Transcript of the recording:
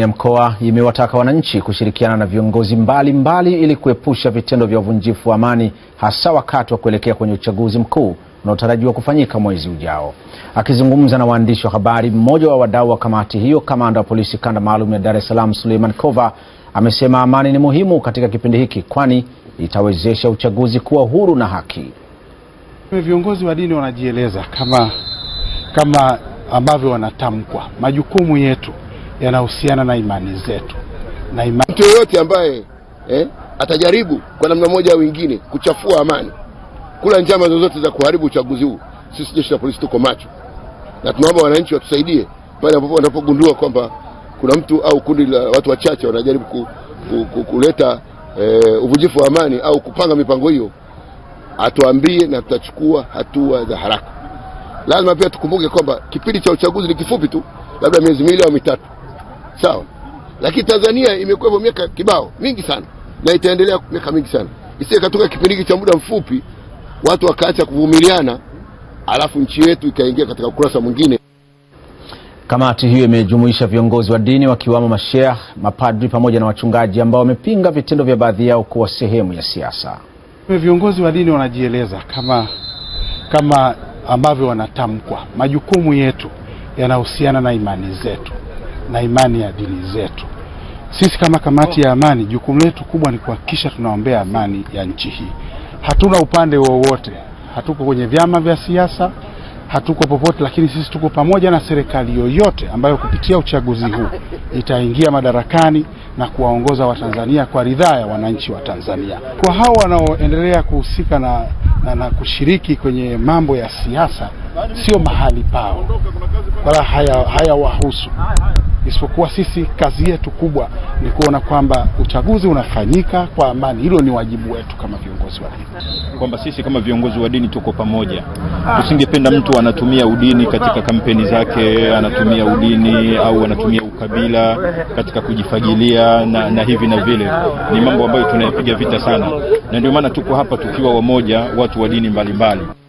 ya mkoa imewataka wananchi kushirikiana na viongozi mbalimbali mbali ili kuepusha vitendo vya uvunjifu wa amani hasa wakati wa kuelekea kwenye uchaguzi mkuu unaotarajiwa kufanyika mwezi ujao. Akizungumza na waandishi wa habari, mmoja wa wadau wa kamati hiyo, kamanda wa polisi kanda maalum ya Dar es Salaam Suleiman Kova, amesema amani ni muhimu katika kipindi hiki, kwani itawezesha uchaguzi kuwa huru na haki. Viongozi wa dini wanajieleza kama, kama ambavyo wanatamkwa majukumu yetu yanahusiana na imani zetu na imani. Mtu yoyote ambaye eh, atajaribu kwa namna moja au nyingine kuchafua amani, kula njama zozote za kuharibu uchaguzi huu, sisi jeshi la polisi tuko macho na tunaomba wananchi watusaidie pale ambapo wanapogundua kwamba kuna mtu au kundi la watu wachache wanajaribu ku, ku, ku, kuleta eh, uvujifu wa amani au kupanga mipango hiyo, atuambie na tutachukua hatua za haraka. Lazima pia tukumbuke kwamba kipindi cha uchaguzi ni kifupi tu, labda miezi miwili au mitatu sawa. Lakini Tanzania imekuwa hivyo miaka kibao mingi sana, na itaendelea miaka mingi sana, isije katoka kipindi hiki cha muda mfupi watu wakaacha kuvumiliana, alafu nchi yetu ikaingia katika ukurasa mwingine. Kamati hiyo imejumuisha viongozi wa dini wakiwamo masheikh, mapadri pamoja na wachungaji ambao wamepinga vitendo vya baadhi yao kuwa sehemu ya siasa. Viongozi wa dini wanajieleza kama, kama ambavyo wanatamkwa, majukumu yetu yanahusiana na imani zetu na imani ya dini zetu. Sisi kama kamati ya amani, jukumu letu kubwa ni kuhakikisha tunaombea amani ya nchi hii. Hatuna upande wowote, hatuko kwenye vyama vya siasa, hatuko popote, lakini sisi tuko pamoja na serikali yoyote ambayo kupitia uchaguzi huu itaingia madarakani na kuwaongoza Watanzania kwa ridhaa ya wananchi wa Tanzania. Kwa hao wanaoendelea kuhusika na, na, na kushiriki kwenye mambo ya siasa, sio mahali pao wala hayawahusu haya isipokuwa sisi kazi yetu kubwa ni kuona kwamba uchaguzi unafanyika kwa amani. Hilo ni wajibu wetu kama viongozi wa dini, kwamba sisi kama viongozi wa dini tuko pamoja. Ah. Tusingependa mtu anatumia udini katika kampeni zake, anatumia udini au anatumia ukabila katika kujifagilia na, na hivi na vile. Ni mambo ambayo tunayapiga vita sana, na ndio maana tuko hapa tukiwa wamoja, watu wa dini mbalimbali mbali.